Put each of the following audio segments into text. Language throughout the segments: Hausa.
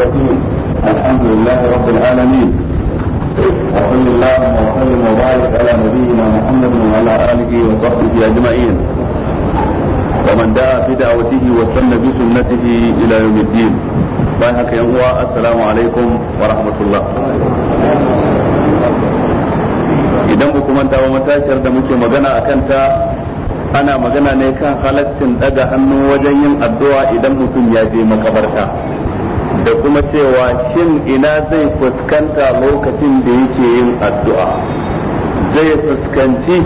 الرحيم الحمد لله رب العالمين وصل اللهم وسلم وبارك على نبينا محمد وعلى اله وصحبه اجمعين ومن دعا بدعوته وسلم بسنته الى يوم الدين بارك يا السلام عليكم ورحمه الله idan ku manta wa matashiyar da muke magana a kanta ana magana ne kan halaccin daga hannu wajen yin addu'a idan mutum ya je makabarta da kuma cewa shin ina zai fuskanta lokacin da yake yin addu'a zai fuskanci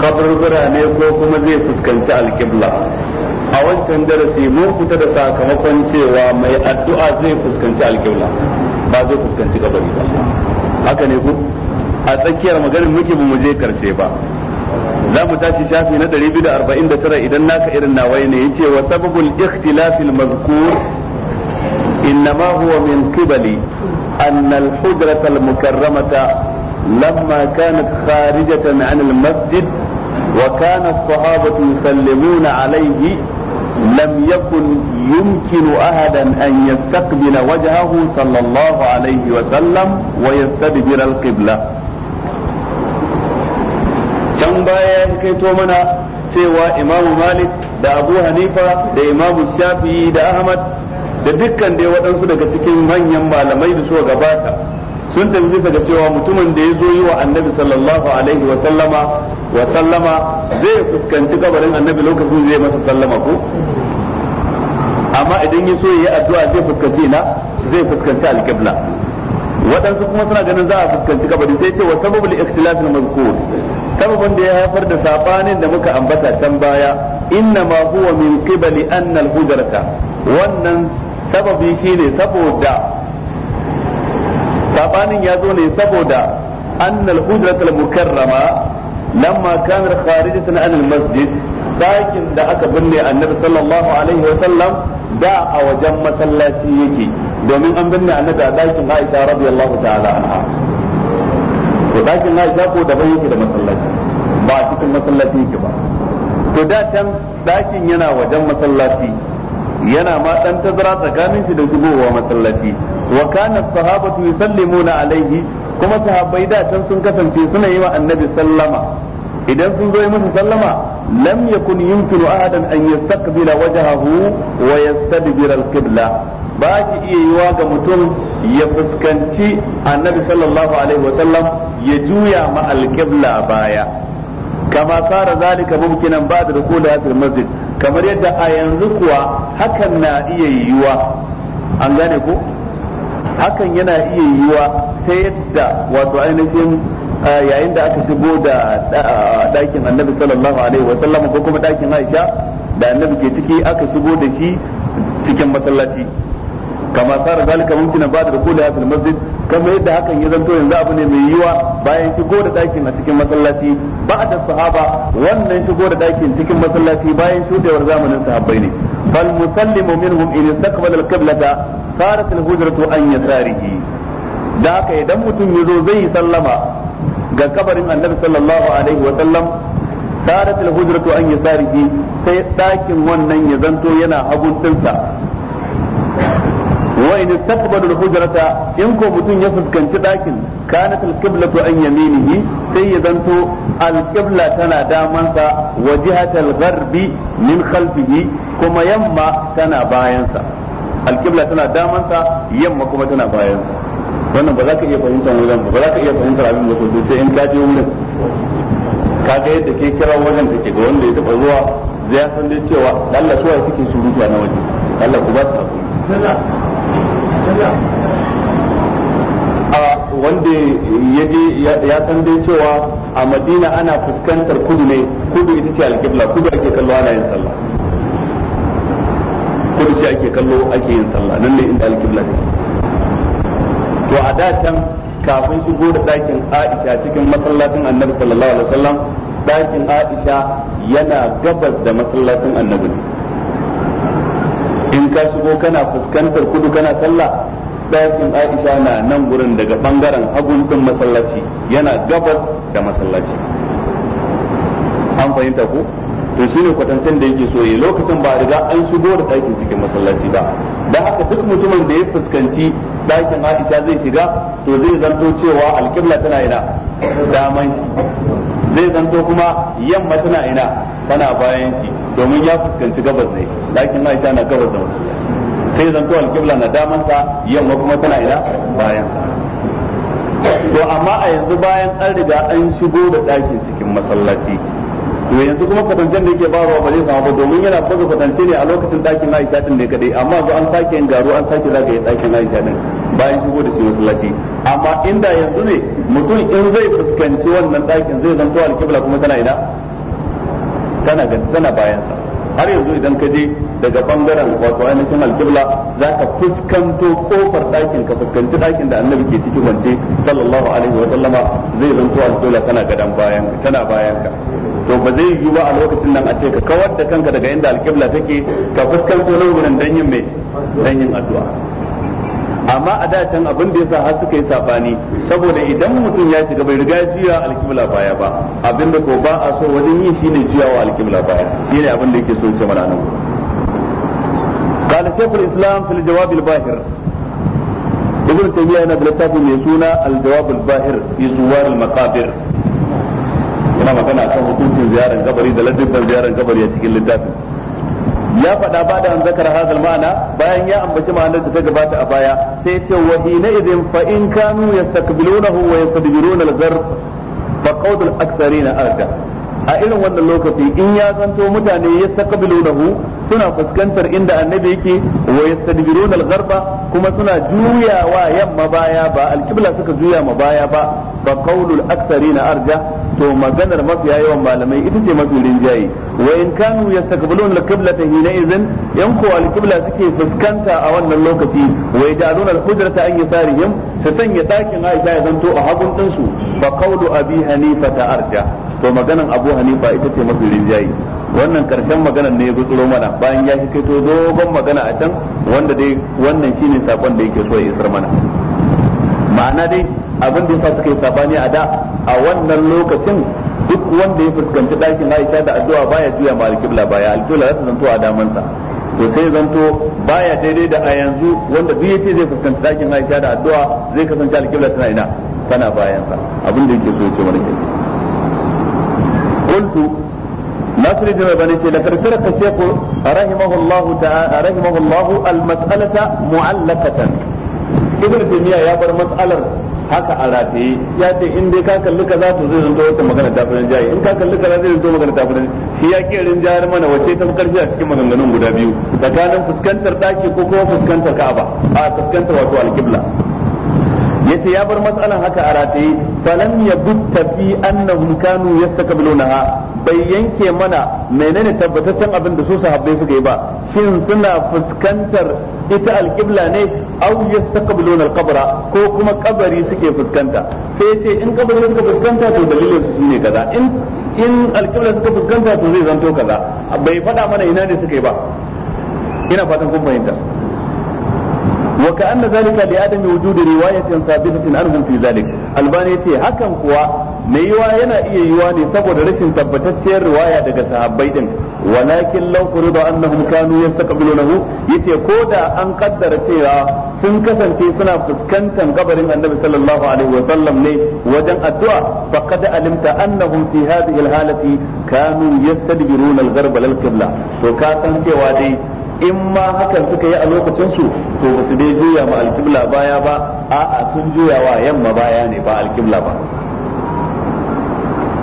kaburbura ne ko kuma zai fuskanci alƙibla a wancan darasi mun fita da sakamakon cewa mai addu'a zai fuskanci alƙibla ba zai fuskanci kabari ba haka ne ku a tsakiyar maganin muke ba mu je karshe ba za mu tashi shafi na 249 idan naka irin nawaye ne yace wa sababul ikhtilafil mazkur إنما هو من قبل أن الحجرة المكرمة لما كانت خارجة عن المسجد وكان الصحابة يسلمون عليه لم يكن يمكن أحدا أن يستقبل وجهه صلى الله عليه وسلم ويستدبر القبلة can baya ya kaito mana cewa imamu malik da الشافعي hanifa أحمد da dukkan dai waɗansu daga cikin manyan malamai da suka gabata sun tafi bisa ga cewa mutumin da ya zo yi wa annabi sallallahu alaihi wa sallama wa sallama zai fuskanci kabarin annabi lokacin zai masa sallama ko amma idan ya so ya yi addu'a zai fuskanci na zai fuskanci alƙibla waɗansu kuma suna ganin za a fuskanci kabari sai ce wa sababul ikhtilafil mazkur sababin da ya haifar da sabanin da muka ambata can baya inna ma huwa min qibali anna al-hujrata wannan sababi shine saboda sabanin ya zo ne saboda annal hujratul mukarrama lamma kana kharijatan an al masjid dakin da aka binne annabi sallallahu alaihi wa sallam da a wajen masallaci yake domin an binne annabi a dakin Aisha radiyallahu ta'ala anha to dakin Aisha ko yake da masallaci ba cikin masallaci yake ba to da can dakin yana wajen masallaci yana ma dan tazara tsakanin shi da shigowa masallaci wa kana sahabatu yusallimuna alaihi kuma sahabbai da can sun kasance suna yi wa annabi sallama idan sun zo yi musu sallama lam yakun yumkinu ahadan an yastaqbila wajhahu wa yastadbira al ba shi iya yiwa ga mutum ya fuskanci annabi sallallahu alaihi wa sallam ya juya ma al baya كما صار ذلك ممكنا ba da هذا المسجد masjid kamar yadda a yanzu kuwa hakan na iya yiwuwa an gane hakan yana iya yiwuwa ta yadda wato ainihin yayin da aka shigo da ɗakin annabi sallallahu alaihi wa sallam ko kuma ɗakin aisha da annabi ke ciki aka shigo da shi cikin masallaci kama sara zalika mumkinan ba da masjid kamar yadda hakan ya zanto yanzu abu ne mai yiwa bayan shigo da ɗakin a cikin masallaci ba da sahaba wannan shigo da ɗakin cikin masallaci bayan shudewar zamanin sahabbai ne bal musallimu minhum in istaqbala al-qiblata farat al-hujratu an yasarihi da haka idan mutum ya zo zai sallama ga kabarin annabi sallallahu alaihi wa sallam farat al-hujratu an yasarihi sai ɗakin wannan ya zanto yana hagun tinsa in istaqbala al-hujrata in ko mutun ya fuskanci dakin kanat al-qiblatu an yaminihi sai ya zanto al-qibla tana damansa wa jihat al-gharbi min khalfihi kuma yamma tana bayansa al-qibla tana damansa yamma kuma tana bayansa wannan ba za ka iya fahimtar wajen ba za ka iya fahimtar abin da sosai sai in ka je wurin ka ga yadda ke kira wajen take ga wanda ya taba zuwa zai san dai cewa Allah suwa suke surutu a na waje Allah ku ba su wanda ya je ya san dai cewa a madina ana fuskantar kudu ne kudu ita ce alkibla kudu ake kallo ana yin sallah kudu ce ake kallo ake yin sallah nan ne inda alkibla ne to a da can kafin shigo da ɗakin aisha cikin masallacin annabi sallallahu alaihi wasallam ɗakin aisha yana gabas da masallacin annabi ne ka shigo kana fuskantar kudu kana sallah ɗakin Aisha na nan gurin daga bangaren hagun din masallaci yana gabas da masallaci an fahimta ko to shine kwatantan da yake so yi lokacin ba riga an shigo da ɗakin cikin masallaci ba da haka duk mutumin da ya fuskanci ɗakin Aisha zai shiga to zai zanto cewa alƙibla tana ina daman zai zanto kuma yamma tana ina tana bayan shi domin ya fuskanci gabas ne dakin Aisha na gabas da wasu sai zanto alƙibla na damansa yamma kuma tana ina bayan to amma a yanzu bayan an riga an shigo da ɗakin cikin masallaci to yanzu kuma kwatancen da yake ba ba zai samu ba domin yana buga kwatance ne a lokacin ɗakin Aisha din ne kadai amma yanzu an sake yin garo an sake zagaye ɗakin Aisha din bayan shigo da shi masallaci amma inda yanzu ne mutum in zai fuskanci wannan ɗakin zai zanto alƙibla kuma tana ina tana tana bayansa har yanzu idan ka je daga bangaren wato ainihin alkibla za ka fuskanto kofar ɗakin ka fuskanci ɗakin da annabi ke cikin wance sallallahu alaihi wa sallama zai zanto alkibla tana gadan bayan tana bayan ka to ba zai yi ba a lokacin nan a ce ka kawar da kanka daga inda alkibla take ka fuskanto nan gurin mai dan addu'a amma a da can abin da yasa har suka yi sabani saboda idan mutum ya shiga bai riga juya alkibla baya ba abin da ko ba a so wajen yi shine juyawa alkibla baya shine abin da yake so ya ce mana nan قال شيخ الاسلام في الجواب الباهر ابن تيميه yana da littafi mai suna al-jawab al-bahir fi zuwar al-maqabir yana magana kan hukuncin ziyarar kabari da ladabban ziyarar kabari a cikin littafin ya faɗa ba da an zakara hadal ma'ana bayan ya ambaci ma'anar da ta gabata a baya sai ce wa hina idin fa in kanu yastakbilunahu wa yastadbiruna al-zar fa qawlul aktharina arda a irin wannan lokaci in ya zanto mutane yastakbilunahu suna fuskantar inda annabi yake wa yastadbiruna al-gharba kuma suna juyawa yamma baya ba al-qibla suka juya ma baya ba fa qawlul aktharina arja to maganar mafiya yawan malamai ita ce mafi rinjaye wa in kanu yastaqbiluna al-qiblata hina idhin yan ko al-qibla suke fuskanta a wannan lokaci wa yaj'aluna al-hujrata an yasarihim su sanya dakin Aisha ya zanto a hagun din ba fa qawlu abi hanifa ta arja to maganan abu hanifa ita ce mafi rinjaye wannan karshen magana ne ya gutsuro mana bayan ya shi kai dogon magana a can wanda dai wannan shine sakon da yake so ya isar mana ma'ana dai abin da yasa suka yi sabani a da a wannan lokacin duk wanda ya fuskanci ɗakin Aisha da addu'a baya juya ma alƙibla baya alƙibla za ta zanto a damansa to sai zanto baya daidai da a yanzu wanda duk yace zai fuskanci ɗakin Aisha da addu'a zai kasance alƙibla tana ina tana bayansa abin da yake so ya ce mana kenan ناصر الدين الألباني لقد ترك الشيخ رحمه الله تعالى رحمه الله المسألة معلقة ابن تيمية مسألة haka a ya ce in dai ka kalli kaza to zai zanto wata magana ta fi rinjaye in ka kalli kaza zai zanto magana ta fi shi ya ke rinjayar mana wace ta fi a cikin maganganun guda biyu tsakanin fuskantar daki ko kuma fuskantar ka'aba a fuskantar wato alkibla yace ya bar matsalan haka a rataye falam yabutta fi annahum kanu yastaqbilunaha bai yanke mana menene tabbataccen abin da su sahabbai suka yi ba shin suna fuskantar ita alƙibla ne aw yastaqbiluna alqabra ko kuma kabari suke fuskanta sai ce in kabari suka fuskanta to dalilin su ne kaza in in alƙibla suka fuskanta to zai zanto kaza bai faɗa mana ina ne suka yi ba ina fatan kun fahimta وكأن ذلك لعدم وجود رواية ثابتة عنهم في ذلك الباني يتي هكا kuwa. mai yiwa yana iya yiwa ne saboda rashin tabbatacciyar riwaya daga sahabbai din walakin law furida annahum kanu yastaqbilunahu yace ko da an kaddara cewa sun kasance suna fuskantar kabarin annabi sallallahu alaihi wa sallam ne wajen addu'a faqad alimta annahum fi hadhihi alhalati kanu yastadbiruna algharba lil to ka san cewa dai in ma hakan suka yi a lokacin su to ba su dai juya ma alqibla baya ba a'a sun juya wa yamma baya ne ba alqibla ba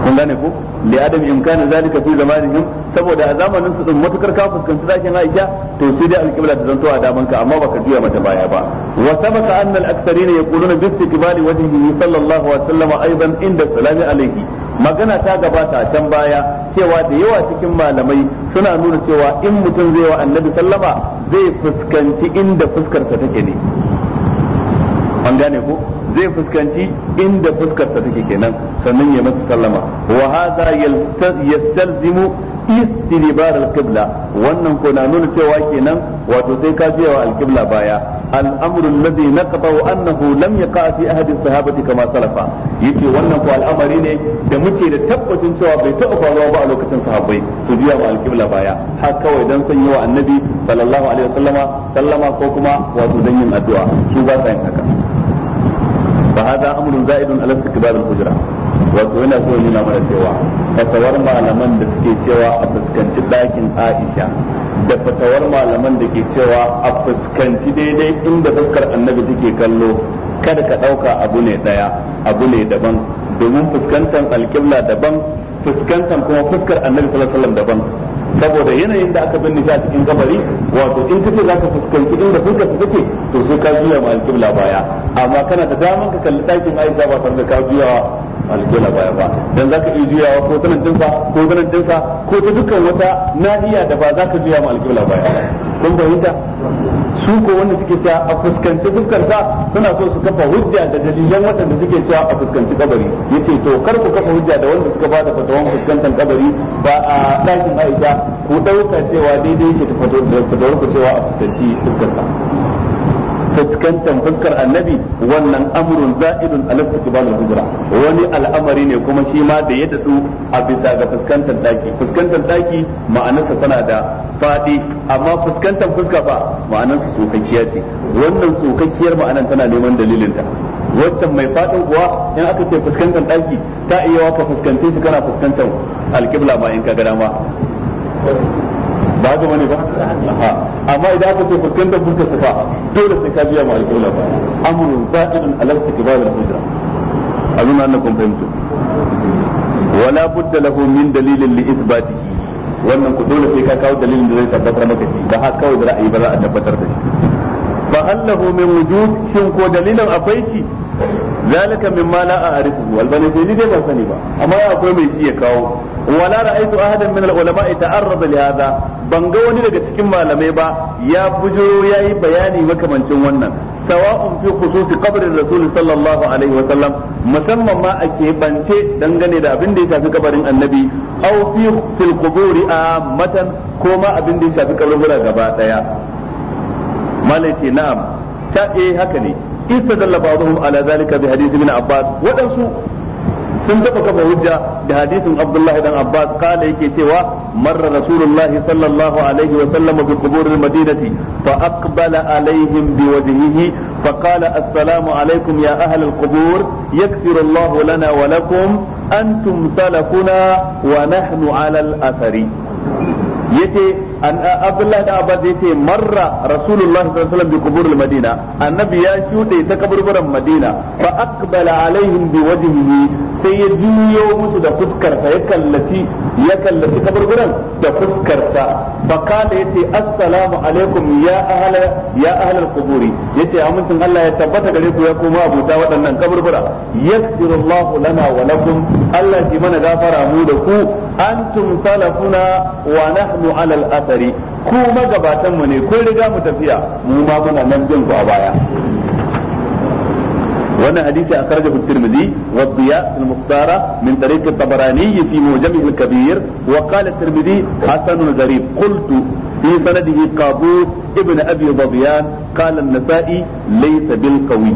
kun gane ko li adam imkana zalika fi zamanihim saboda a zamanin su din matukar ka fuskanci zakin Aisha to sai dai alqibla ta zanto a daman ka amma baka juya mata baya ba wa sabaka anna al-aktharina yaquluna bi istiqbali wajhihi sallallahu alaihi wasallam aidan inda salami Alayhi magana ta gabata can baya cewa da yawa cikin malamai suna nuna cewa in mutum zai wa annabi sallama zai fuskanci inda fuskarsa take ne an gane ko zai fuskanci inda fuskarsa take kenan sannan ya masa sallama wa hadha yastalzimu istinibar alqibla wannan ko na nuna cewa kenan wato sai ka biya wa alqibla baya الامر الذي نقضه انه لم يقع في احد الصحابه كما سلف yace wannan ko al'amari ne da muke da tabbacin cewa bai taɓa faruwa ba a lokacin sahabbai su biya wa alƙibla baya har kawai dan san yawa annabi sallallahu alaihi wasallama sallama ko kuma wato dan yin addu'a su ba sa yin haka fa hada amrun za'idun ala istikbar al-hujra wato yana so ya nuna mana cewa fatawar malaman da suke cewa a fuskanci ɗakin Aisha da fatawar malaman da ke cewa a fuskanci daidai inda fuskar annabi take kallo kada ka ɗauka abu ne ɗaya abu ne daban domin fuskantar alƙibla daban fuskantar kuma fuskar annabi sallallahu daban saboda yanayin da aka binne shi a cikin kabari wato in kace zaka fuskanci inda fuskar ta take to sai ka juya ma alƙibla baya amma kana da daman ka kalli ɗakin Aisha ba tare da ka juya alƙola baya ba dan zaka iya juyawa ko sanan dinsa ko sanan dinsa ko ta dukkan wata nahiya da ba za ka juya ma alƙola baya kun fahimta su ko wanda suke cewa a fuskanci sa suna so su kafa hujja da dalilan waɗanda suke cewa a fuskanci kabari yace to kar ku kafa hujja da wanda suka bada fatawan fuskantar kabari ba a ɗakin Aisha ku ɗauka cewa daidai yake da ku cewa a fuskanci sa. fuskantar fuskar annabi wannan amrun za'idun ala istiqbalul hijra wani al'amari ne kuma shi ma da ya dadu a bisa ga fuskantar daki fuskantar daki ma'anarsa tana da faɗi amma fuskantar fuska ba ma'anarsa tsokakkiya ce wannan tsokakkiyar ma'anar tana neman dalilinta wancan mai faɗin kuwa in aka ce fuskantar daki ta iya wa ka fuskance shi kana fuskantar alkibla ma in ka ga dama ba ga wani ba amma idan aka ce fuskantar fuskar su fa dole sai ka biya ma alƙawla ba amrun sa'idun alasta kibar al-hujra azuna annakum fahimtu wala budda lahu min dalilin li ithbatihi wannan ku dole sai ka kawo dalilin da zai tabbatar maka shi ba haka kawai da ra'ayi ba za a tabbatar da shi fa allahu min wujud shin ko dalilin akwai shi zalika mimma la a'rifu wal bani sai ni dai ban sani ba amma akwai mai shi ya kawo wala ra'aytu ahadan min al-ulama ta'arrada li hadha ban ga wani daga cikin malamai ba ya bujuro yayi bayani makamancin wannan sawa'un fi khususi qabrin rasul sallallahu wa sallam musamman ma ake bance dangane da abin da ya shafi kabarin annabi aw fi fil quburi ko ma abin da ya shafi kaburbura gaba daya malai na'am ta eh haka ne istadalla ba'dhum ala zalika bi hadith ibn abbas waɗansu. sun taba kafa hujja da hadisin Abdullah dan Abbas kala yake cewa marra Rasulullahi sallallahu alaihi wa sallam bi quburil madinati fa aqbala alaihim bi wajhihi fa qala assalamu alaikum ya ahli alqubur yaghfiru Allah lana wa lakum antum salafuna wa nahnu ala al-athari yace Abdullahi da Abbas yace marra rasulullahi sallallahu alaihi wasallam bi kuburul Madina annabi ya shude ta kaburburan Madina fa aqbala alaihim bi wajhihi sai ya juyo musu da fuskar sa ya kallaci ya kallaci kaburburan da fuskar sa fa kana yace assalamu alaikum ya ahla ya ahlal quburi yace amincin Allah ya tabbata gare ku ya koma abuta waɗannan kaburbura yaghfirullahu lana wa lakum Allah shi mana gafara mu da ku antum salafuna wa nahnu ala al-athari ku magabatan mu ne ko riga mu tafiya mu ma muna nan bin ku a baya wannan hadisi akhrajahu at-Tirmidhi wa Diya al-Muqtara min tariq at-Tabarani fi Mujam' al-Kabir wa qala at-Tirmidhi hasan al-Gharib qultu fi sanadihi qabu ibn Abi Dhabiyan qala an-Nasa'i laysa bil qawi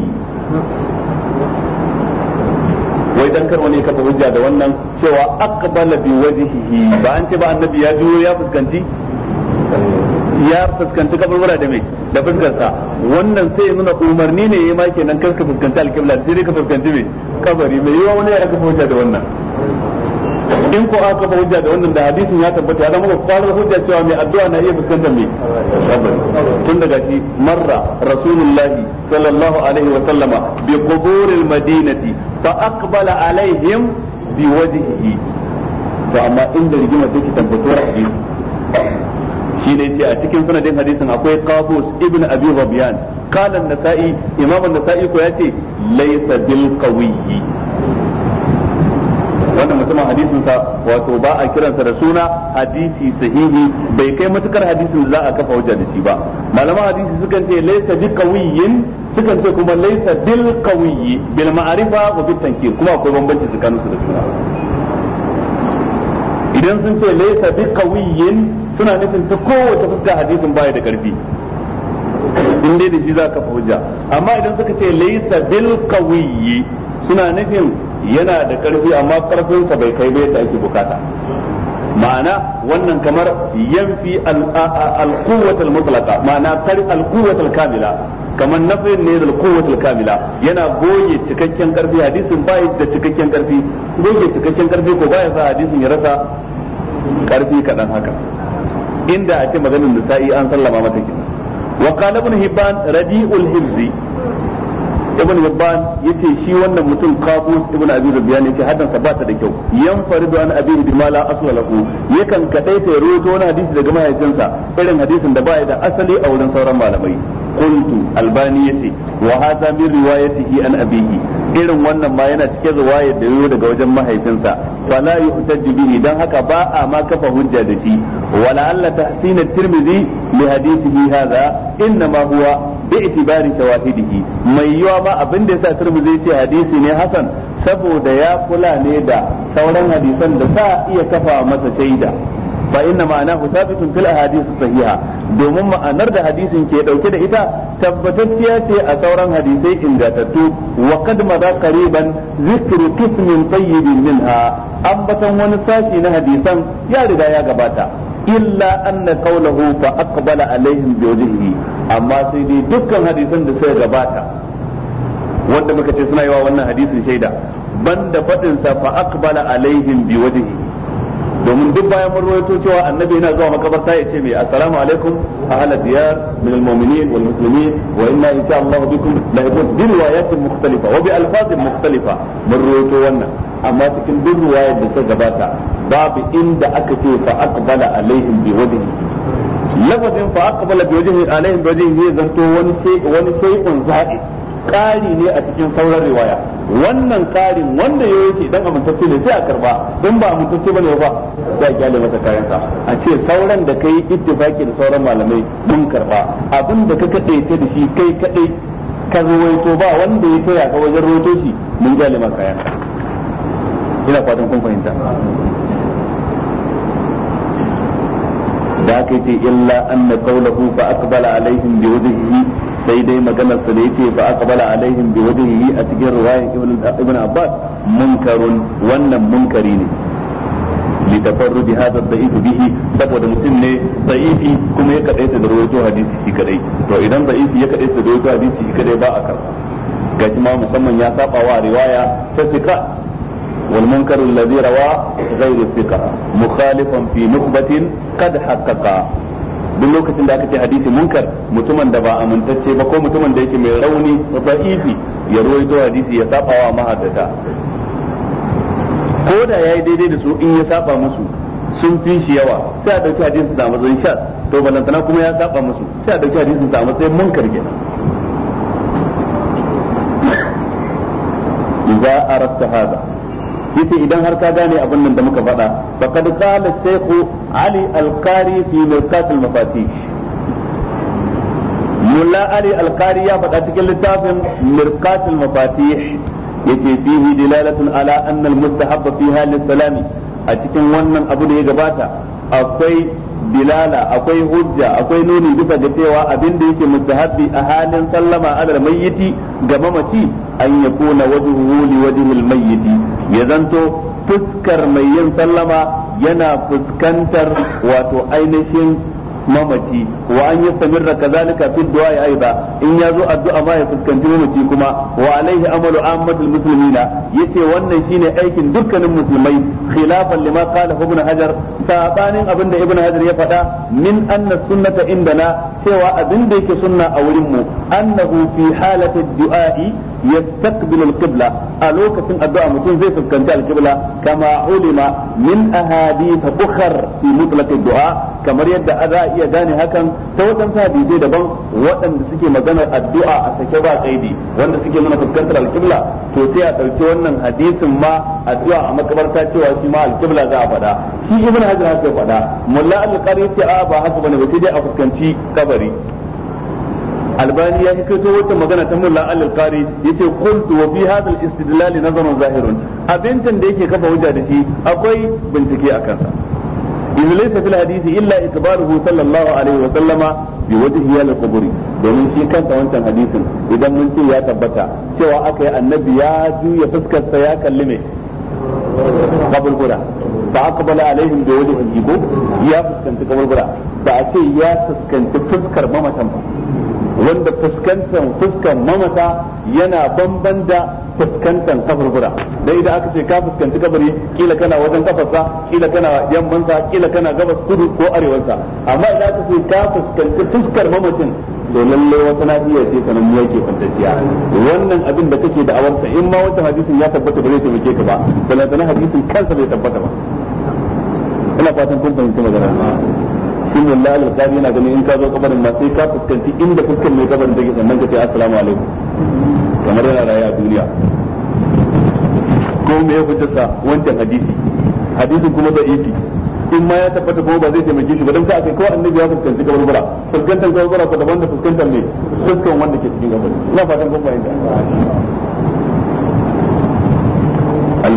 wai dan kar wani kafa hujja da wannan cewa aqbala bi wajhihi ba an ce ba annabi ya juyo ya fuskanci ya fuskanci kaburbura da me da fuskarsa wannan sai ya nuna umarni ne ya ma kenan kar ka fuskanci alkibla sai dai ka fuskanci me kabari mai yiwa wani ya kafa hujja da wannan in ko aka kafa hujja da wannan da hadisin ya tabbata ya zama ga kwarar hujja cewa mai addu'a na iya fuskantar mai tun daga shi marra rasulullahi sallallahu alaihi wa sallama bi quburil madinati fa aqbala alaihim bi wajhihi to amma inda rigima take tabbatuwar hadisi shi ne ce a cikin sanadin hadisin akwai qabus ibn abi rabiyan qala an-nasa'i imam an-nasa'i ko yace laysa bil qawiyyi wannan mutumin hadisin sa wato ba a kiransa da suna hadisi sahihi bai kai matukar hadisin da za a kafa hujja da shi ba malaman hadisi sukan ce laysa bi qawiyyin sukan ce kuma laysa bil qawiyyi bil ma'rifa wa bit tankir kuma akwai bambanci tsakanin su da suna idan sun ce laysa bi qawiyyin suna nufin ta kowace fuska hadisin baya da karfi in dai da shi za ka hujja amma idan suka ce laysa bil qawiyyi suna nufin yana da karfi amma karfinsa bai kai bai da ake bukata ma'ana wannan kamar yanfi al-quwwatul mutlaqa ma'ana kar al-quwwatul kamila kamar nafin ne da quwwatul kamila yana goge cikakken karfi hadisin bai da cikakken karfi goge cikakken karfi ko baya sa hadisin ya rasa karfi kaɗan haka inda a ce maganin nisa'i an sallama mata kenan wa qala ibn hibban radi'ul hibzi ibn yabban yace shi wannan mutum qabus ibn abi rubiyan yace hadan sa ta da kyau yan faridu an abi bima la asla lahu yakan kadai ta rawaito wani hadisi daga mahaifinsa irin hadisin da baya da asali a wurin sauran malamai qultu albani yace wa hadha min riwayatihi an abihi irin wannan ma yana da wayar da yoyo daga wajen mahaifinsa fala yuhtaju bihi dan haka ba a ma kafa hujja da shi wala alla tahsin at-tirmidhi li hadithihi hadha inma huwa bi itibari shawahidihi mai yawa ma abin da ya sa yasa zai ci hadisi ne hasan saboda ya kula ne da sauran hadisan da ta iya kafa masa shaida fa inna ma'anahu thabitun fil ahadith sahiha domin ma'anar da hadisin ke dauke da ita tabbatar tabbatacciya ce a sauran hadisai ingantattu wa qad madha qariban zikru qismin tayyibin minha ambatan wani sashi na hadisan ya riga ya gabata illa anna qawluhu fa aqbala alaihim bi wajhihi amma sai dai dukkan hadisan da suka gabata wanda muka ce suna yawa wannan hadisin shaida banda faɗin sa fa aqbala alaihim bi wajhi domin duk bayan mun rawaito cewa annabi yana zuwa makabarta ya ce mai assalamu alaikum ahla diyar min almu'minin wal muslimin wa inna insha Allah bikum lahiqun bi riwayatin mukhtalifa wa bi alfazin mukhtalifa mun rawaito wannan amma cikin duk riwayar da ta gabata babu inda aka ce fa aqbala alaihim bi wajhi lafazin fa aqbala bi wajhi alaihim bi wajhi zanto wani sai wani shay'un za'i ƙari ne a cikin sauran riwaya wannan ƙarin wanda ya yake dan amintacce ne sai a karba in ba amintacce bane ba sai a kyale masa kayan sa a ce sauran da kai ittifaki da sauran malamai mun karba abin da ka kade ta da kai kadai ka ruwaito ba wanda ya taya ka wajen ruwaito shi mun kyale masa kayan ina fatan kun fahimta da aka ce illa anna qawluhu fa aqbala alaihim bi wajhihi sai dai maganar sa da yake fa aqbala alaihim bi wajhihi a cikin riwayar ibn abbas munkarun wannan munkari ne li tafarrud hadha da'if bihi saboda mutum ne da'ifi kuma ya kadaita da rawaito hadisi shi kadai to idan da'ifi ya kadaita da rawaito hadisi shi kadai ba a karba gashi ma musamman ya saba wa riwaya ta sika والمنكر الذي روى غير الثقة مخالف في نخبة قد حقق duk lokacin da aka ce hadisi munkar mutumin da ba amintacce ba ko mutumin da yake mai rauni da'ifi ya ruwaito hadisi ya دي wa mahaddata ko da yayi daidai da su in ya sun fi shi yawa sai a dauki hadisin da matsayin sha to balantana kuma ya saba musu sai a dauki hadisin da matsayin munkar Za idza rasta hada yace idan har ka gane abin nan da muka faɗa faqad qala shaykh ali al-qari fi mirqat al-mafatih mulla ali al-qari ya faɗa cikin littafin mirqat al-mafatih yace fihi dilalatun ala anna al-mustahabba fiha lis-salami a cikin wannan abu da ya gabata akwai dilala akwai hujja akwai nuni bisa ga cewa abin da yake mustahabbi a halin sallama alal mayyiti ga mamaci an yakuna wajhuhu li wajhil mayyiti ya zanto fuskar mai yin sallama yana fuskantar wato ainihin mamaci wa an yastamirra kazalika fiduwa du'a aiba in yazo addu'a ma ya fuskanci mamaci kuma wa alaihi amalu ammatul muslimina yace wannan shine aikin dukkanin musulmai khilafan lima qala ibn hajar sabanin abinda ibn hajar ya faɗa min anna sunnata indana cewa abinda yake sunna a wurin mu annahu fi halati du'a'i يستقبل القبلة ألوك سن الدعاء متون زي سكنت القبلة كما علم من أحاديث أخر في مطلق الدعاء كما يد أداء يداني هكا توتم تابي دي دبن وأن سكي مدن الدعاء أسكبا قيدي وأن سكي من سكنت القبلة توتي أتوتي وأن حديث ما الدعاء مكبرتا توتي ما القبلة ذا فدا shi ibn hajar haka ya faɗa mulla al-qari ce a ba haka bane ba sai dai a fuskanci kabari albani ya hikaito wata magana ta mulla al qari yace qultu wa fi hadha al istidlal nazarun zahirun abintan da yake kafa hujja da shi akwai bincike a kansa in laysa fil hadisi illa ikbaruhu sallallahu alaihi wa sallama bi wajhi al quburi domin shi kansa wancan hadisin idan mun ce ya tabbata cewa aka yi annabi ya juya fuskar sa ya kalli me kabul gura fa aqbala alaihim bi wajhihi ko ya fuskanci kabul gura ba a ce ya fuskanci fuskar mamatan ba wanda fuskantar fuskan mamata yana bamban da fuskantar kaburbura dai idan aka ce ka fuskanci kabari kila kana wajen kafarsa kila kana yammansa kila kana gabas kudu ko arewansa amma idan aka ce ka fuskanci fuskar mamacin to lalle wata na iya ce sanan mu yake fantasiya wannan abin da kake da awarsa in ma wata hadisin ya tabbata ba zai taimake ka ba balantana hadisin kansa bai tabbata ba ina fatan kun fahimci magana shin wallahi alqabi yana gani in ka zo kabarin ma sai ka fuskanci inda fuskan mai kabarin take sannan ka ce assalamu alaikum kamar yana rayuwa a duniya ko me ya hujjarsa wancan hadisi hadisin kuma da ifi in ma ya tabbata ko ba zai taimake shi ba dan ka akai ko annabi ya fuskanci bara fuskantar bara ko daban da fuskantar ne fuskan wanda ke cikin kabari ina fatan kun fahimta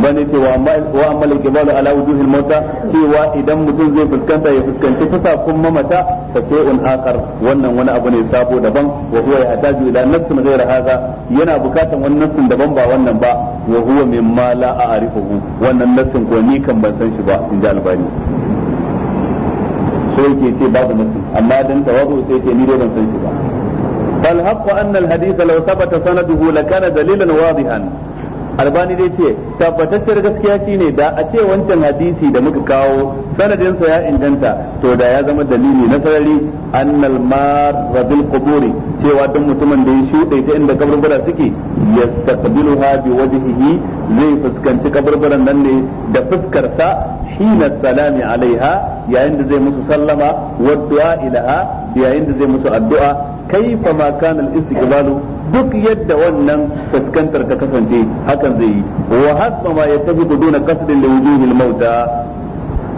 albani ce wa amma wa amma al-qibalu ala wujuhil mauta cewa idan mutum zai fuskanta ya fuskanci fusakun mamata fa un akar wannan wani abu ne sabo daban wa huwa yahtaju ila nassin zai hadha yana bukatan wani nassin daban ba wannan ba wa huwa mimma la a'rifuhu wannan nassin ko ni kan ban san shi ba in ji albani sai ke ce babu nassin amma dan tawazu sai ke ni dai ban san shi ba فالحق أن الحديث لو ثبت سنده لكان دليلا واضحا albani dai ce tabbatacciyar gaskiya shine da a ce wancan hadisi da muka kawo sanadinsa ya inganta to da ya zama dalili na sarari annal marra quburi cewa duk mutumin da ya shuɗe ta inda kaburbura suke yastaqbiluha bi wajhihi zai fuskanci kaburburan nan ne da fuskar fuskarsa shine salami alaiha yayin da zai musu sallama wa du'a ilaha yayin da zai musu addu'a kaifa ma kana al istiqbalu duk yadda wannan fuskantar ta kasance hakan zai yi wa hasma ma ya tafi duna kasdin da wujuhil mauta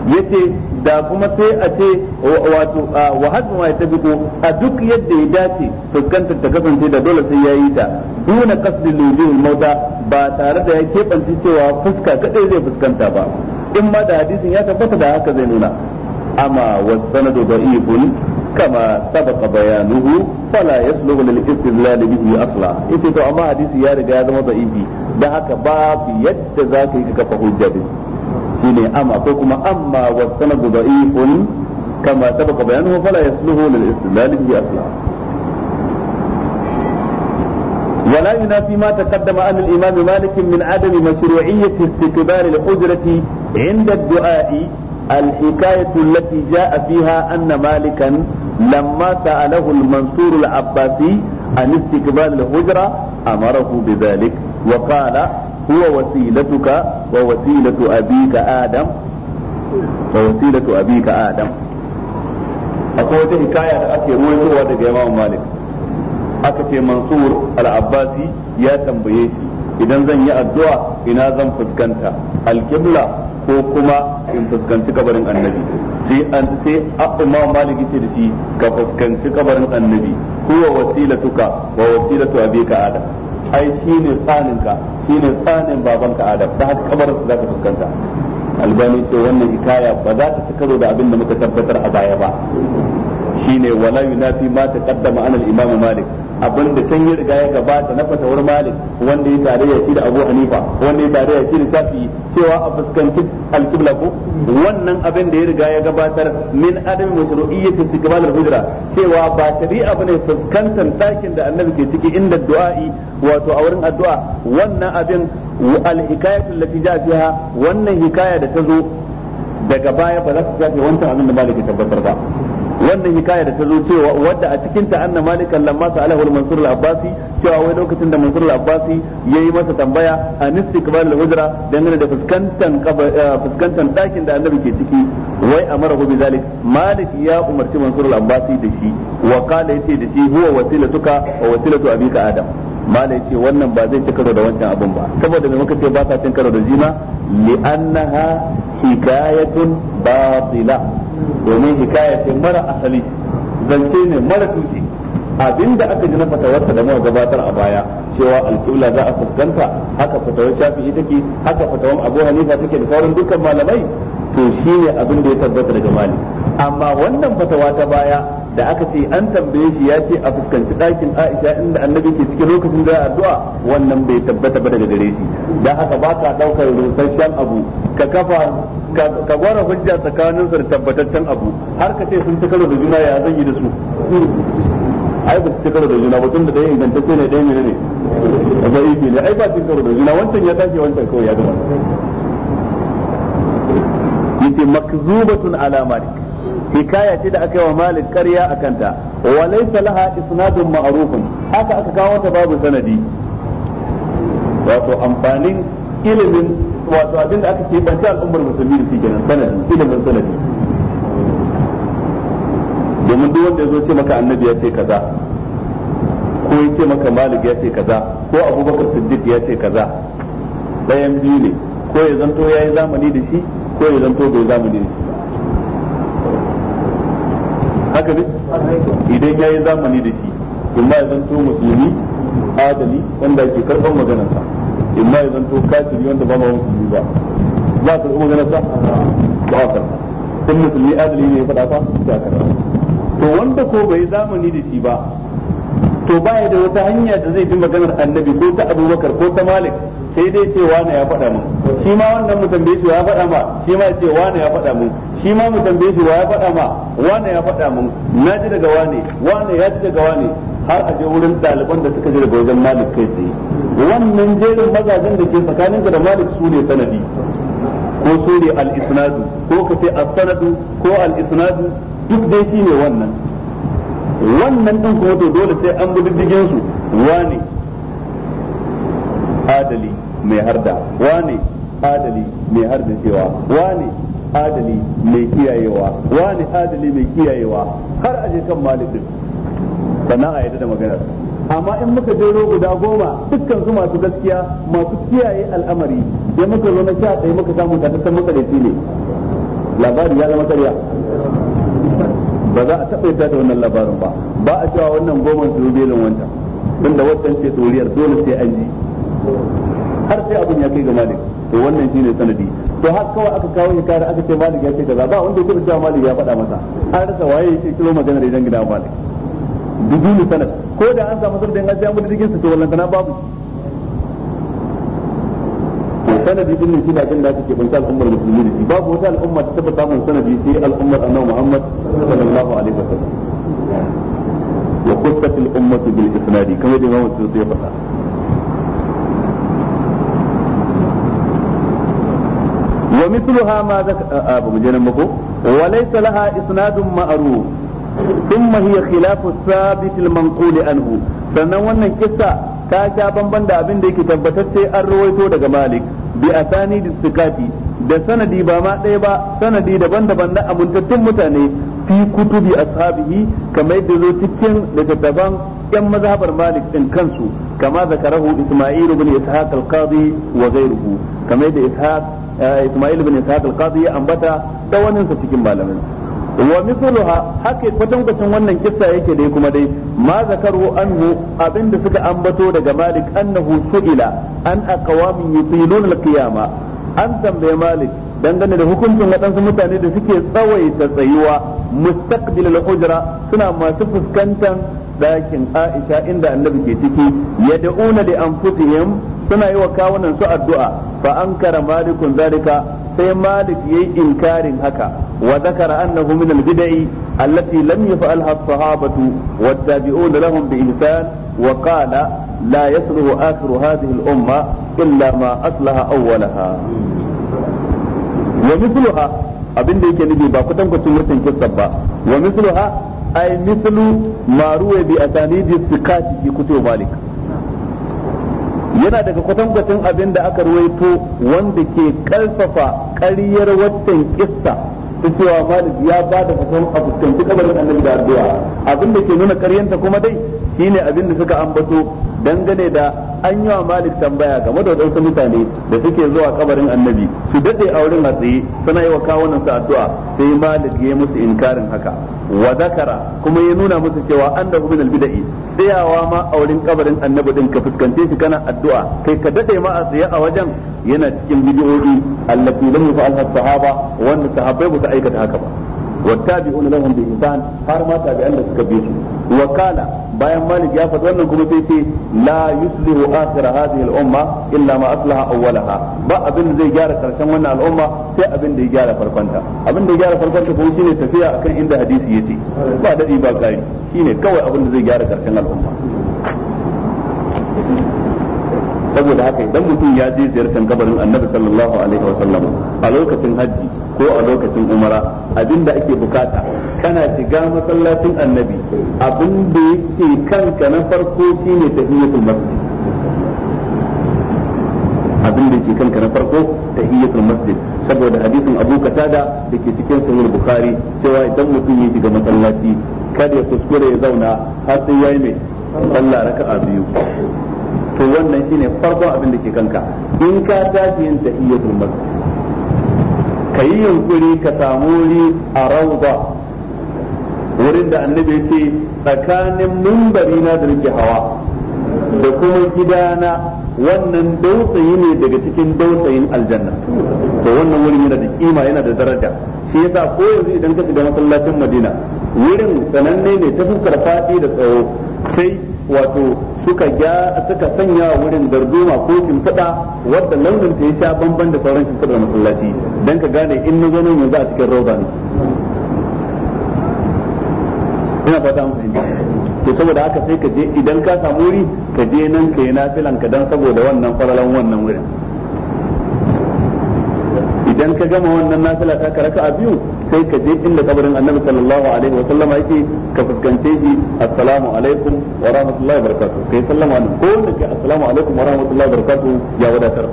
ya ce da kuma sai a ce wato wa hasma ma ya tafi a duk yadda ya dace fuskantar ta kasance da dole sai ya yi ta duna kasdin da wujuhil mauta ba tare da ya keɓance cewa fuska kadai zai fuskanta ba in ma da hadisin ya tabbata da haka zai nuna amma wasu sanadu da'ifun كما سبق بيانه فلا يسلغ للاستدلال به اصلا انت تو اما حديث يا رجا زما ضعيفي ده هكا باب يد ذاك كف حجه به اما كو اما والسند ضعيف كما سبق بيانه فلا يسلغ للاستدلال به اصلا ولا ينافي ما تقدم عن الامام مالك من عدم مشروعيه استكبار الحجره عند الدعاء الحكايه التي جاء فيها ان مالكا lamma sa'alahu al-mansur al-abbasi an istiqbal al-hujra amarahu bidhalik wa qala huwa wasilatuka wa wasilatu abika adam wa wasilatu abika adam akwai wata hikaya da ake ruwaitowa daga aka ce Mansur al-Abbasi ya tambaye shi idan zan yi addu'a ina zan fuskanta al ko kuma in fuskanci kabarin Annabi sai an sai Imam Malik yace da shi ka fuskanci kabarin Annabi huwa wasilatuka wa wasilatu abika Adam ai ne tsaninka ne tsanin babanka Adam da haka kabarin su zaka fuskanta albani ce wannan hikaya ba za ta ci karo da abin da muka tabbatar a baya ba shine wala yunafi ma malik abinda can ya riga ya gabata na malik wanda ya tare ya da abu hanifa wanda ya tare ya da cewa a fuskanci alkibla ko wannan abin da ya riga ya gabatar min adam mashru'iyyati istiqbal al-hujra cewa ba shari'a bane fuskantar dakin da annabi ke ciki inda du'a'i wato a wurin addu'a wannan abin al-hikayatu allati fiha wannan hikaya da ta zo daga baya ba za ta shafe wancan abin da malik ya tabbatar ba wannan hikaya da ta zo cewa wadda a cikin ta anna malikan lamma sa'alahu al-mansur al-abbasi cewa wai lokacin da mansur al-abbasi yayi masa tambaya a istiqbal al-hujra dangane da fuskantan eh, fuskantan dakin da annabi ke ciki wai amarahu bi zalik malik ya umarci mansur al-abbasi da shi wa qala yace da shi huwa wasilatuka wa wasilatu abika adam mala yace wannan ba zai ci karo da wancan abin ba saboda me muka ce ba sa cin karo da jina li'annaha hikayatun batila domin hikaya ce mara asali zance ne mara tushe abinda aka ji na fatawarsa da muka gabatar a baya cewa alƙibla za a fuskanta haka fatawar shafi ita ke haka fatawar abu hanifa take da sauran dukkan malamai to shine abin da ya tabbata daga mali amma wannan fatawa ta baya da aka ce an tambaye shi ya ce a fuskanci ɗakin Aisha inda annabi ke cikin lokacin da addu'a wannan bai tabbata ba daga gare shi da haka ba ka daukar rusasshen abu ka kafa ka gwara hujja tsakanin da tabbataccen abu har ka ce sun ci karo da juna ya zan yi da su ai ba su ci karo da juna ba tun ɗaya ingantacce ne ɗaya ne ne ne ai ba su ci karo da juna wancan ya tashi wancan kawai ya gama yace makzubatun hikaya ce da aka yi wa malik karya a kanta wa laisa laha isnadun ma'rufun haka aka kawo ta babu sanadi wato amfanin ilimin wato abin da aka ce ban ta al'ummar musulmi da cikin sanadi ilimin sanadi domin duk wanda ya zo ce maka annabi ya ce kaza ko ya ce maka malik ya ce kaza ko abubakar siddiq ya ce kaza ɗayan biyu ne ko ya zanto ya yi zamani da shi ko ya zanto bai zamani da shi haka ne idan ya yi zamani da shi in ma ya zanto musulmi adali wanda ke karɓar maganarsa in ma ya zanto kafiri wanda ba ma musulmi ba za a karɓi maganarsa ba a karɓa in musulmi adali ne ya faɗa ba ya karɓa to wanda ko bai zamani da shi ba to baya da wata hanya da zai bi maganar annabi ko ta abubakar ko ta malik sai dai ce wane ya faɗa mun shi ma wannan mu tambaye shi ya faɗa ma shi ma ce wane ya faɗa mun shi ma mu tambaye shi ya faɗa ma wane ya faɗa mun na ji daga wane wane ya ji daga wane har a je wurin ɗaliban da suka je daga wajen malik kai tsaye wannan jerin mazajen da ke tsakanin da malik su ne sanadi ko su ne al-isnadu ko ka ce as-sanadu ko al-isnadu duk dai shi ne wannan wannan din kuma to dole sai an bi diddigin su wane mai harda wane adali mai harda cewa wane adali mai kiyayewa wane adali mai kiyayewa har a je kan malikin sannan a yadda da maganar amma in muka rogo guda goma dukkan su masu gaskiya masu kiyaye al'amari ya muka zo na sha ɗaya muka samu tatattan makareci ne labari ya zama karya ba za a taɓa yadda da wannan labarin ba ba a cewa wannan goma su zo belin wanda tunda wancan ce tsoriyar dole sai an ji har sai abin ya kai ga malik to wannan shine sanadi to har kawai aka kawo kare aka ce malik ya ce kaza ba wanda yake cewa malik ya faɗa masa an rasa waye yake kiro maganar idan gida malik ne sanad ko da an samu sanadin an samu dikin su to wallan kana babu sanadi din ne shi da abin da ake bunta al'ummar musulmi da babu wata al'umma ta tabbata mun sanadi sai al'ummar annabi Muhammad sallallahu alaihi wasallam wa quttat al-ummatu bil isnadi kamar da Imam Suyuti ya faɗa wa mithluha ma zaka ba mu je nan wa laysa laha isnadun ma'ruf thumma hiya khilafu al-manqul anhu sannan wannan kissa ta sha bamban da abin da yake tabbatacce an rawaito daga Malik bi asani distikati da sanadi ba ma ɗaya ba sanadi daban-daban na amintattun mutane fi kutubi ashabihi kamar yadda zo cikin littattafan yan mazhabar Malik din kansu kama zakarahu isma'ilu bin Ishaq al-Qadi wa ghayruhu kamar yadda Ishaq Ismail bin Ishaq al-Qadi ya ambata da wannan sa cikin malamin wa mithluha haka kwatan kwatan wannan kissa yake dai kuma dai ma zakaru anhu abinda suka ambato daga Malik annahu su'ila an aqwamin yutiluna al-qiyama an tambaye Malik dangane da hukuncin waɗansu mutane da suke tsawaita tsayuwa mustaqbil al-hujra suna masu fuskantar dakin Aisha inda annabi ke ciki yad'una li anfusihim suna yi wa kawunan su addu'a fa ankara malikun zalika sai malik yayi inkarin haka wa zakara annahu min al-bid'i allati lam yaf'alha as-sahabatu wat-tabi'un lahum bi ihsan wa qala la yasluhu akhiru hadhihi al-umma illa ma aslaha awwalaha wa mithluha abin da yake nufi ba kutan kwacin wancan kissa ba wa mithluha ay mithlu ma ruwa bi asanidi sikati ki kutu malik yana daga kwatankwacin abin da aka ruwaito wanda ke karfafa ƙaryar watan ƙista ta cewa Malik ya ba da fasan a fuskanci kabarin annabi da addu'a abin da ke nuna ƙaryanta kuma dai shine abin da suka ambato dangane da an yi wa Malik tambaya game da wadansu mutane da suke zuwa kabarin annabi su dade a wurin a tsaye suna yi wa kawunansa su addu'a sai Malik ya yi musu inkarin haka wa zakara kuma ya nuna musu cewa an annahu min albid'i tsayawa ma a wurin kabarin annabi din ka fuskante shi kana addu'a kai ka dade ma a tsaye a wajen yana cikin bid'o'i allati lam yafalha sahaba wanda sahabbai ba su aikata haka ba wattabi'una lahum bi ihsan har ma tabi'an da suka bi su wa kala bayan malik ya faɗi wannan kuma sai ce la yuslihu akhir hadhihi al-umma illa ma aslaha awwalaha ba abin da zai gyara karshen wannan al'umma sai abin da ya gyara farkonta abin da ya gyara farkonta kuma shine tafiya kan inda hadisi yace ba dadi ba kai shine kawai abin da zai gyara karshen al'umma saboda haka idan mutum ya je ziyartar kabarin annabi sallallahu alaihi wa sallam a lokacin hajji ko a lokacin umara abinda ake bukata kana shiga masallacin annabi abin da yake kanka na farko shine tahiyatul masjid abin da yake kanka na farko tahiyatul masjid saboda hadisin Abu Qatada dake cikin sahih Bukhari cewa idan mutum ya shiga masallaci kada ya kuskure ya zauna har sai yayi mai sallah raka'a biyu to wannan shine farkon abin da ke kanka in ka tashi yin tahiyatul masjid ka yi yunkuri ka samu wuri a rauda wurin da annabi ya ce tsakanin mimbari na da nake hawa da kuma gidana wannan dautsayi ne daga cikin dautsayin aljanna to wannan wurin yana da kima yana da daraja shi yasa ko yanzu idan ka shiga masallacin Madina wurin sananne ne ta fuskar fadi da tsawo sai wato suka ga suka sanya wurin darduma ko shimfiɗa wadda launin ta ya sha bamban da sauran shimfiɗar masallaci dan ka gane in na gano yanzu a cikin roba ne ina fata mu to saboda haka sai ka je idan ka samu wuri ka je nan ka yi nafilan ka dan saboda wannan falalan wannan wurin idan ka gama wannan nafila ta ka a biyu sai ka je inda kabarin annabi sallallahu alaihi wa sallama yake ka fuskance shi assalamu alaikum wa rahmatullahi wa barakatuh kai sallama ne ko da kai assalamu alaikum wa rahmatullahi wa barakatuh ya wadatar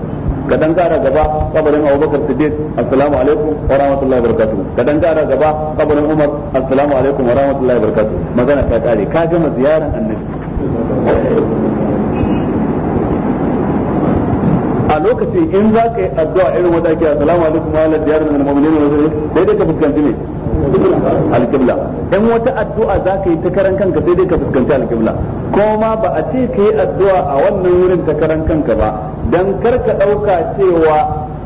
ka dan gara gaba kabarin Abu Bakar Siddiq assalamu alaikum wa rahmatullahi wa barakatuh ka dan gara gaba kabarin Umar assalamu alaikum wa rahmatullahi wa barakatuh magana ta kare ka gama ziyaran annabi lokacin in za ka yi addu'a irin wanda ake assalamu alaikum wa ala diyar min mu'minin wa sai sai dai ka fuskanci ne alqibla in wata addu'a za ka yi ta karan kanka sai dai ka fuskanci alqibla ko ma ba a ce ka yi addu'a a wannan wurin ta karan kanka ba dan kar ka dauka cewa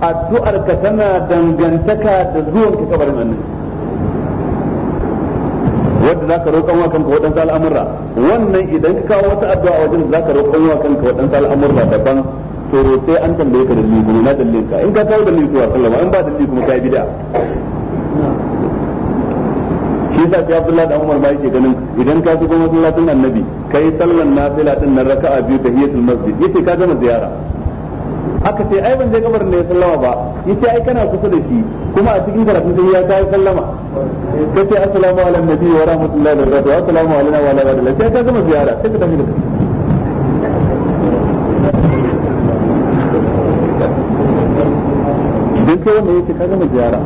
addu'ar ka tana dangantaka da zuwan ka kabarin annabi wanda za ka roƙon wa kanka waɗansu al'amurra wannan idan ka kawo wata addu'a wajen za ka roƙon wa kanka waɗansu al'amurra daban to sai an tambaye ka dalili kuma na dalilin ka in ka kawo dalili to sallama in ba dalili kuma kai bid'a shi yasa sai Abdullah da Umar ba yake ganin idan ka shigo masallacin Annabi kai sallan nafila din na raka'a biyu tahiyatul masjid yace ka gama ziyara aka ce ai ban je gabar ne sallama ba yace ai kana kusa da shi kuma a cikin karatun sai ya kai sallama kace assalamu ala wa rahmatullahi wa barakatuh assalamu alaikum wa ala alihi sai ka gama ziyara sai ka tafi da duk wanda yake ka gama ziyara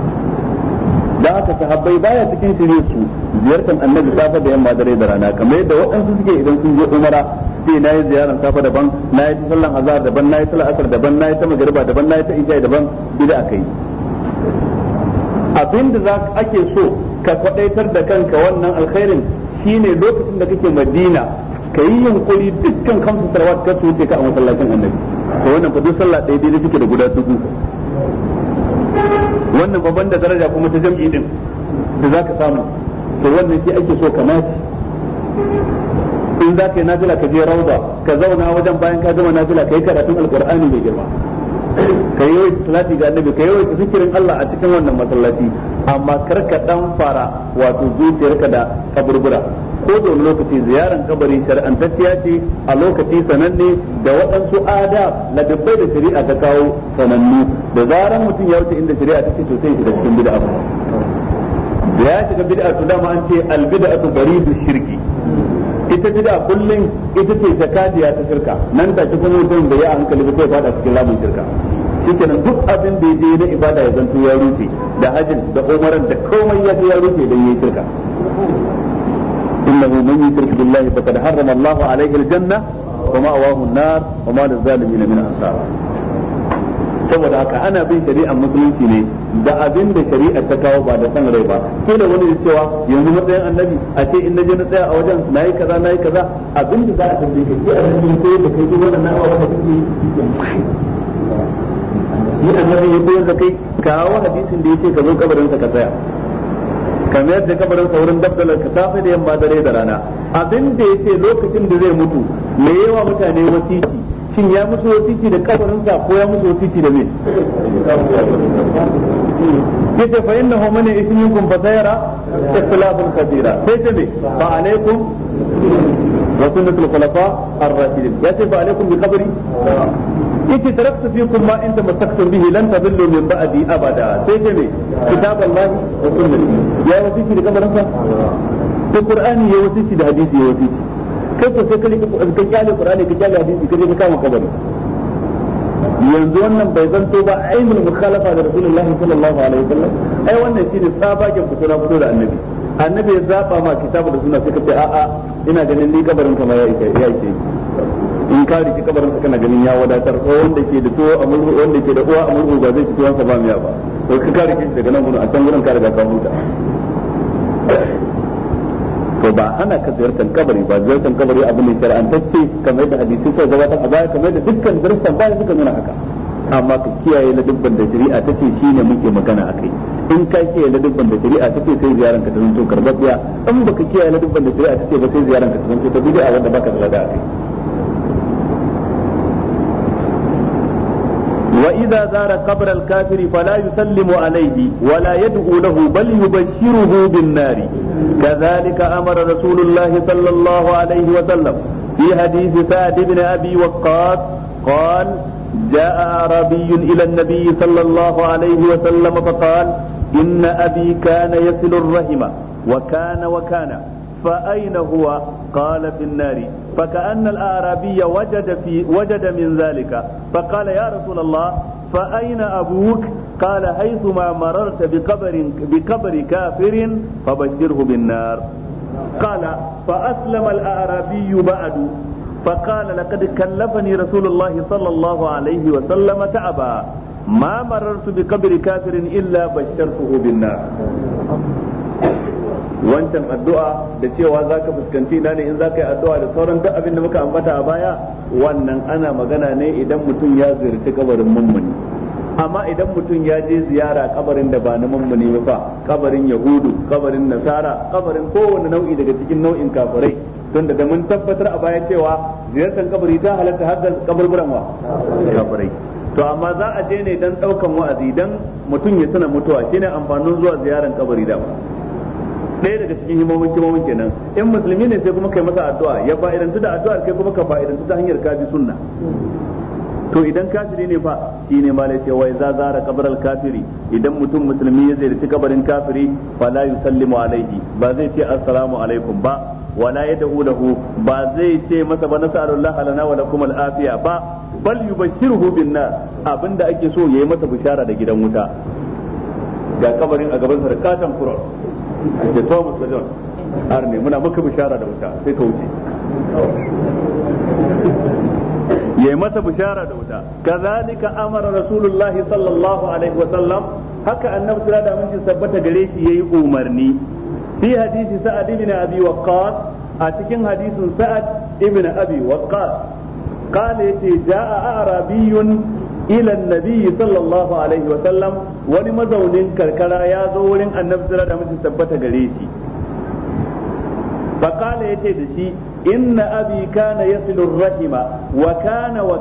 da aka habbai baya cikin shirye su ziyartar annabi safa da yamma dare da rana kamar yadda waɗansu suke idan sun je umara sai na yi ziyarar safa daban na yi ta sallan azhar daban na yi ta la'asar daban na yi ta magariba daban na yi ta isha daban bida aka yi abinda za ake so ka kwadaitar da kanka wannan alkhairin shine lokacin da kake madina ka yi yunkuri dukkan kamsu salawat ka tsoce ka a masallacin annabi ko wannan fa duk sallah ɗaya da take da guda dubu wannan babban da daraja kuma ta jam'i din da za ka samu to wannan shi ake so kamata in za ka yi nafila ka je rauda ka zauna wajen bayan ka gama nafila ka yi karatun alkur'ani mai girma ka yi wata salati ga annabi ka yi wata zikirin Allah a cikin wannan masallaci amma kar ka dan fara wato zuciyarka da kaburbura ko da lokaci ziyaran kabari shar'antacciya ce a lokaci sananne da waɗansu adab na dabbai da shari'a ta kawo sanannu da zaran mutum ya wuce inda shari'a ta ce to sai shiga cikin bid'a da ya shiga bid'a to dama an ce al bari baridu shirki ita bid'a kullum ita ce kadiya ta shirka nan da kuma mutum da ya a hankali ba sai fada cikin lamun shirka shikenan duk abin da ya je na ibada ya zanto ya rufe da hajin da umaran da komai ya ya rufe dan yayi shirka إنه من يشرك بالله فقد حرم الله عليه الجنة ومأواه النار وما للظالمين من أنصار saboda haka ana bin shari'ar musulunci ne da abin da shari'ar ta kawo ba da san rai ba ko da wani cewa yanzu matsayin annabi a ce in naje na tsaya a wajen nayi kaza nayi kaza abin da za a tambaye ka ki annabi ko da kai duk wannan nawa wanda kake yi annabi ya koyar da kai kawo hadisin da yake ka zo kabarin ka tsaya kamar yadda kabarin saurin dabdalar ka safe da yamma dare da rana abin da yace lokacin da zai mutu me yawa mutane wasiki shin ya musu wasiki da kabarin sa ko ya musu wasiki da me yace fa innahu man isminkum fa sayara ikhtilafun kabira sai ce me fa alaikum wa sunnatul khulafa ar-rashidin yace fa alaikum bi qabri yace taraktu fikum ma in tamassaktum bihi lan tadillu min ba'di abada sai ce ne kitaballahi wa sunnati ya wasiki da kabarin sa da qur'ani ya wasiki da hadisi ya wasiki kai ko sai kai ka kyale qur'ani ka kyale hadisi ka je ka kama kabari yanzu wannan bai zanto ba aimul mukhalafa da rasulullahi sallallahu alaihi wasallam ai wannan shine sabagen fito na fito da annabi annabi ya zaba ma kitabu da sunna sai ka ce a'a ina ganin ni kabarin kama ya yake in ka riki kabarin sa kana ganin ya wadatar ko wanda ke da to a murhu wanda ke da uwa a murhu ba zai fito wansa ba miya ba to ka ka riki daga nan gurin a can gurin ka riga ka huta to ba ana ka ziyartar kabari ba ziyartar kabari abu ne shar'antacce kamar da hadisi sai gabatar a baya kamar da dukkan darussan baya suka nuna haka amma ka kiyaye dubban da shari'a ta ce shine muke magana akai in ka kiyaye dubban da shari'a ta ce sai ziyaran ka ta zanto karbabiya in baka kiyaye dubban da shari'a ta ce ba sai ziyaran ka ta zanto ta bid'a wanda baka zaga akai وإذا زار قبر الكافر فلا يسلم عليه ولا يدعو له بل يبشره بالنار كذلك أمر رسول الله صلى الله عليه وسلم في حديث سعد بن أبي وقاص قال جاء أعرابي إلى النبي صلى الله عليه وسلم فقال إن أبي كان يصل الرحم وكان وكان فأين هو قال في النار فكأن الأعرابي وجد في وجد من ذلك فقال يا رسول الله فأين أبوك قال حيثما مررت بقبر بقبر كافر فبشره بالنار قال فأسلم الأعرابي بعد فقال لقد كلفني رسول الله صلى الله عليه وسلم تعبا ما مررت بقبر كافر إلا بشرته بالنار wancan addu'a da cewa za ka fuskanci na ne in za ka yi addu'a da sauran duk abin da muka ambata a baya wannan ana magana ne idan mutum ya ziyarci kabarin mummuni amma idan mutum ya je ziyara kabarin da ba na mummuni ba fa kabarin yahudu kabarin nasara kabarin kowane nau'i daga cikin nau'in kafirai don da mun tabbatar a baya cewa ziyartar kabari ta halatta har da kaburburan wa kafirai to amma za a je ne dan daukan wa'azi dan mutum ya tana mutuwa shine amfanin zuwa ziyaran kabari da ɗaya daga cikin himomin kimomin kenan in musulmi ne sai kuma kai masa addu'a ya fa'idantu da addu'ar kai kuma ka fa'idantu ta hanyar kafi sunna to idan kafiri ne fa shi ne ma wai za zara kabarar kafiri idan mutum musulmi ya ziyarci kabarin kafiri fala yusallimu alaihi ba zai ce assalamu alaikum ba wala yad'u lahu ba zai ce masa ba nas'alullaha lana wa lakum al'afiya ba bal yubashshiruhu bin nar abinda ake so ya yi masa bishara da gidan wuta ga kabarin a gaban sarkatan kurar ake to musulun har ne muna maka bishara da wuta sai ka wuce ya yi masa bishara da wuta Ka kazalika amara rasulullahi sallallahu alaihi wa sallam haka annabi sallallahu alaihi wasallam sabbata gare shi yayi umarni fi hadisi sa'ad ibn abi waqqas a cikin hadisin sa'ad ibn abi waqqas قال يتي جاء أعرابي ila nabi sallallahu alaihi wa sallam wani mazaunin karkara ya zo wurin annabi sallallahu alaihi tabbata gare shi faqala yace da shi inna abi kana yasilu rahima wa kana wa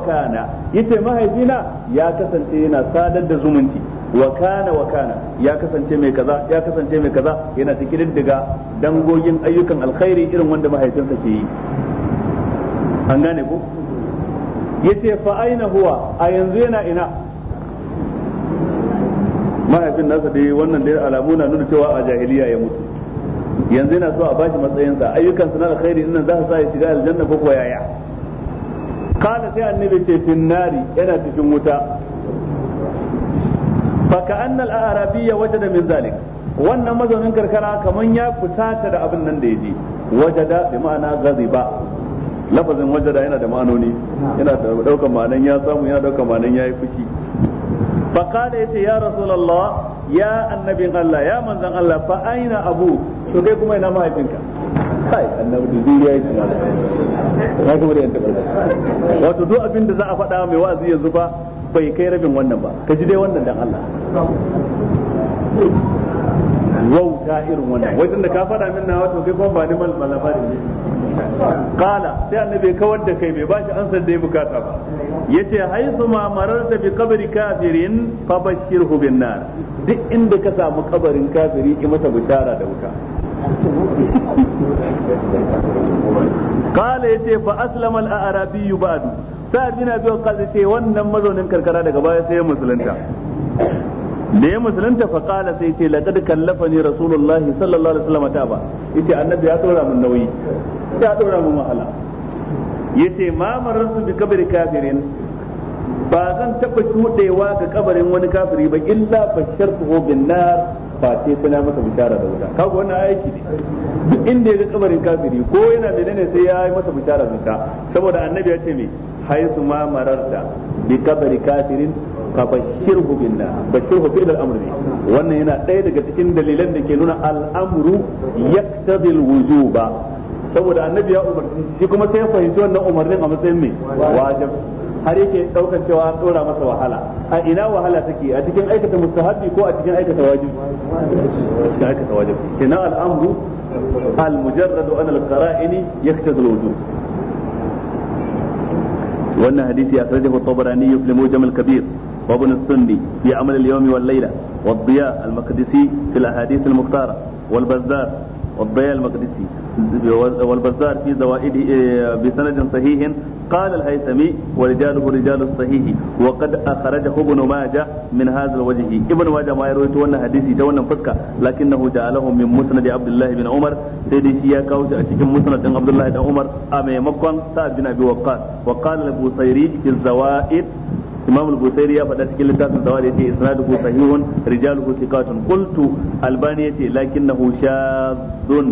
mahaifina ya kasance yana sadar da zumunci wa kana ya kasance mai kaza ya kasance mai kaza yana cikin daga dangogin ayyukan alkhairi irin wanda mahaifinsa ke yi an gane ko yace fa aina huwa a yanzu yana ina mahaifin nasa dai wannan dai alamu na nuna cewa a jahiliya ya mutu yanzu yana so a bashi matsayinsa ayyukan na alkhairi inna za su sa ya shiga aljanna ko kuwa yaya kana sai annabi ce finnari yana cikin wuta fa ka annal arabiyya wajada min zalik wannan mazaunin karkara kaman ya kusata da abin nan da yaji wajada bi ma'ana gaziba lafazin wajada yana da ma'anoni yana da daukan ma'anan ya samu yana daukan ma'anan yayi fushi fa qala yace ya rasulullah ya annabi Allah ya manzon Allah fa aina abu to kai kuma ina mahaifinka kai annabi da zuriya yake ya kuma da yanta wato duk abin da za a faɗa mai wa'azi yanzu ba bai kai rabin wannan ba ka ji dai wannan dan Allah wauta irin wannan wajen da ka faɗa min na wato kai kuma ba ni mal ne qala sai annabi ya kawar da kai bai bashi ansar da ya bukata ba yace haythu ma da bi kabari kafirin fabashshirhu bin nar duk inda ka samu kabarin kafiri ki masa bishara da wuta qala yace fa aslama al-arabi du, sa'ad bin abi waqqas ce wannan mazaunin karkara daga baya sai ya musulunta da ya musulunta fa qala sai yace laqad kallafani rasulullahi sallallahu alaihi ta ba ita annabi ya tsora min nauyi ya dora mu wahala yace ma marartu bi kabri kafirin ba zan taba cudewa ga kabarin wani kafiri ba illa bashartuhu bin nar ba ce tana masa bishara da wuta kaga wannan aiki ne duk inda ya ga kabarin kafiri ko yana menene sai ya yi masa bishara da wuta saboda annabi ya ce me haythu ma mararta bi kabri kafirin ka bashirhu bin nar bashirhu bil al-amr wannan yana ɗaya daga cikin dalilan da ke nuna al-amru yaqtadi wujuba saboda annabi ya umarci shi kuma sai ya fahimci wannan umarnin a matsayin mai wajib har yake daukan cewa an dora masa wahala a ina wahala take a cikin aikata mustahabi ko a cikin aikata wajibi da aikata wajibi kina al'amru al-mujarrad an al-qara'ini yaqtadi al-wujub wannan hadisi ya at-tabarani fi al-mujam al-kabir wa ibn as-sunni fi amal al-yawmi wal-layla والضياء المقدسي في الأحاديث المختارة والبزار والضياء المقدسي والبزار في زوائد بسند صحيح قال الهيثمي ورجاله رجال الصحيح وقد أخرجه ابن ماجه من هذا الوجه ابن ماجه ما يروي تونا حديثي تونا فكة لكنه جعله من مسند عبد الله بن عمر سيدي شيا كاوش أشكي مسند عبد الله بن عمر أمي مكوان سعد بن أبي وقاص وقال البوصيري في الزوائد imam al-busairi ya faɗa cikin littafin sawa da yace isnaduhu sahihun rijaluhu thiqatun qultu albani yace lakinnahu shadhun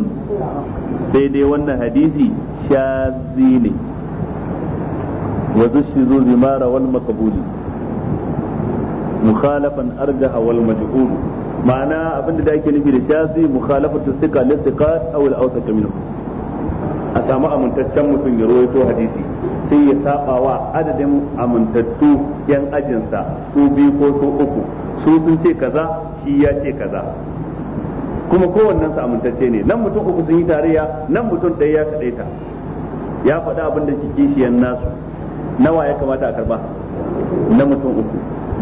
sai dai wannan hadisi shadhi ne wa zushizu zimara wal maqbuli mukhalafan arjaha wal majhul ma'ana abinda da ake nufi da shadhi mukhalafatu a samu amintaccen mutum ya rawaito hadisi sai ya saba wa adadin amintattu yan ajinsa su biyu ko su uku su sun ce kaza shi ya ce kaza kuma kowannen su amintacce ne nan mutum uku sun yi tarayya nan mutum ɗaya ya kaɗaita ya faɗa abin da cikin shi yan nasu nawa ya kamata a karba na mutum uku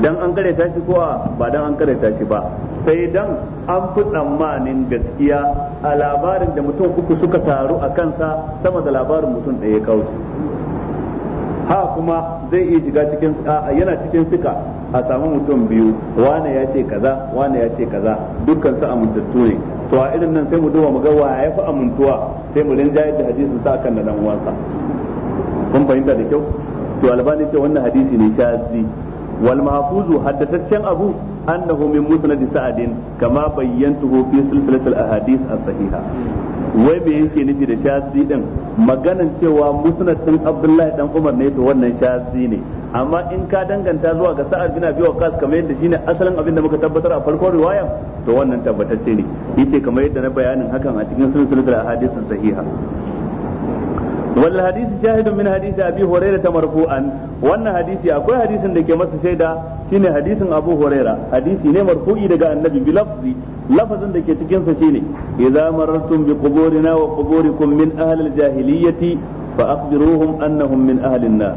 dan an karanta shi kowa ba dan an karanta shi ba sai dan an fi tsammanin gaskiya a labarin da mutum uku suka taru a kansa sama da labarin mutum ɗaya ya kawo ha kuma zai iya shiga cikin yana cikin suka a samu mutum biyu wane ya ce kaza wane ya ce kaza dukkan su amintattu ne to a irin nan sai mu duba mu ga wa ya fi amintuwa sai mu rinja da hadisin sa kan nan uwansa kun fahimta da kyau to albani ce wannan hadisi ne shazi wal mahfuzu haddataccen abu annahu min musnad sa'adin kama bayyantuhu fi silsilatil ahadith as-sahiha wai me yake nufi da shazi din maganan cewa musnad din Abdullahi dan Umar ne to wannan shazi ne amma in ka danganta zuwa ga Sa'ad bin Abi waqas kamar yadda shine asalin abin da muka tabbatar a farkon riwaya to wannan tabbatacce ne yace kamar yadda na bayanin hakan a cikin sunan hadisin sahiha wal hadisi shahidun min hadisi abi hurairah ta marfu'an wannan hadisi akwai hadisin da ke masa shaida shine hadisin abu hurairah hadisi ne marfu'i daga annabi bi lafzi lafazin da ke cikin sa shine idza marartum bi quburina wa quburikum min ahli al jahiliyyati fa akhbiruhum annahum min ahli an-nar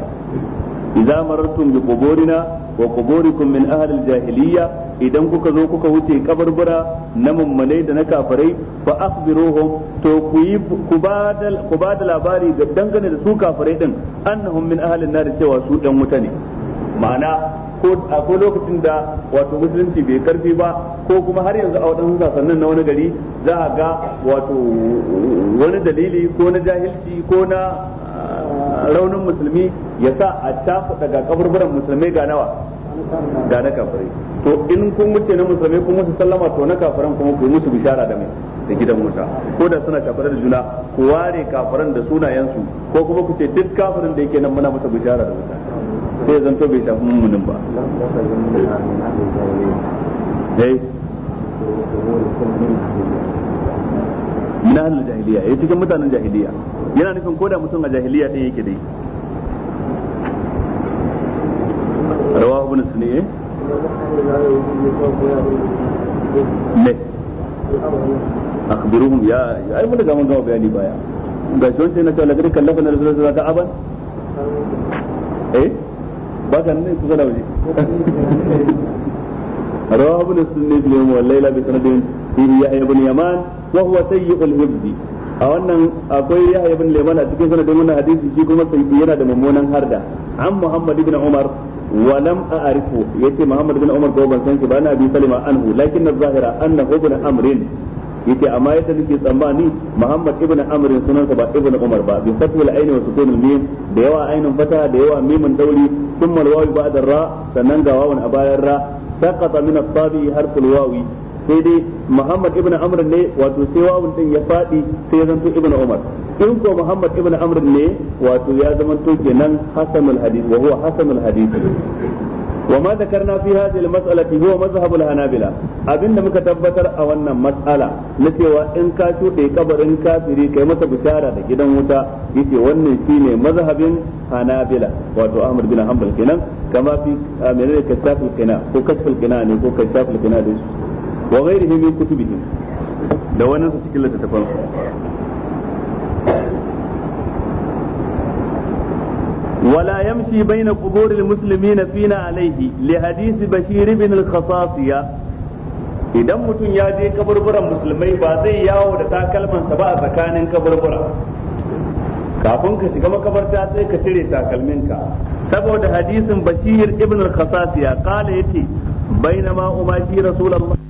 idza marartum bi quburina wa quburikum min ahli al idan kuka zo kuka wuce kabarbura na mummalai da na kafirai fa akhbiruhum to ku yi ku ba da labari ga dangane da su kafirai din annahum min ahlin nar cewa su dan wuta ne ma'ana ko akwai lokacin da wato musulunci bai karfi ba ko kuma har yanzu a wadannan sasannin na wani gari za a ga wato wani dalili ko na jahilci ko na raunin musulmi ya sa a tafi daga kaburburan musulmai ga nawa ga na kafirai to in kun wuce na musulmi kun musu sallama to na kafiran kuma ku musu bishara da mai da gidan wuta ko da suna kafirai da juna ku ware kafiran da sunayensu ko kuma ku ce duk kafirin da yake nan muna masa bishara da wuta sai zan to bai shafi mummunin ba dai na halin jahiliya ya eh, cikin mutanen jahiliya yana nufin ko da mutum a jahiliya ɗin yake dai abin su ne ne akhbiruhum ya ai mun ga mun ga bayani baya ga shi wancan na cewa lagari kallafa na rasulullah ta aban eh ba ka nan kusa da waje رواه ابن السنة في اليوم والليلة بسند فيه يحيى بن يمان وهو سيء الحفظ a wannan akwai yahya ibn liman a cikin sanadin wannan hadisi shi kuma sai yana da mummunan harda an muhammad ibn umar wa lam a'rifu yace Muhammad bin Umar ko ban san shi ba na bi salima anhu lakin az-zahira annahu ibn amrin yace amma yadda nake tsammani Muhammad ibn amrin sunansa ba ibn Umar ba bi fathil ayn wa sukun al-mim da yawa ainun fata da yawa miman dauri thumma al-waw ba'da ra sannan ga wawun a bayan ra saqata min as-sabi harfu al-wawi sai dai Muhammad ibn Amr ne wato sai wawun din ya fadi sai ya zanto ibn Umar in ko Muhammad ibn Amr ne wato ya zama to kenan hasanul hadith wa huwa hasanul hadith wa ma dhakarna fi hadhihi al-mas'alati huwa mazhab al-hanabila abinda muka tabbatar a wannan mas'ala na cewa in ka shuɗe kabarin kafiri kai masa bishara da gidan wuta yace wannan shine mazhabin hanabila wato Ahmad bin Hanbal kenan kama fi ah, menene kashaful qina ko kashful qina ne ko kashaful qina da wa ghairihi min kutubihim da wannan cikin littattafan ولا يمشي بين قبور المسلمين فينا عليه لحديث بشير بن الخصاصية idan mutum ya je kaburburan musulmai ba zai yawo da takalmansa ba a tsakanin kaburbura kafin ka shiga makabarta sai ka cire takalminka saboda hadisin bashir ibn al-khasasiya kala yace bainama umashi rasulullahi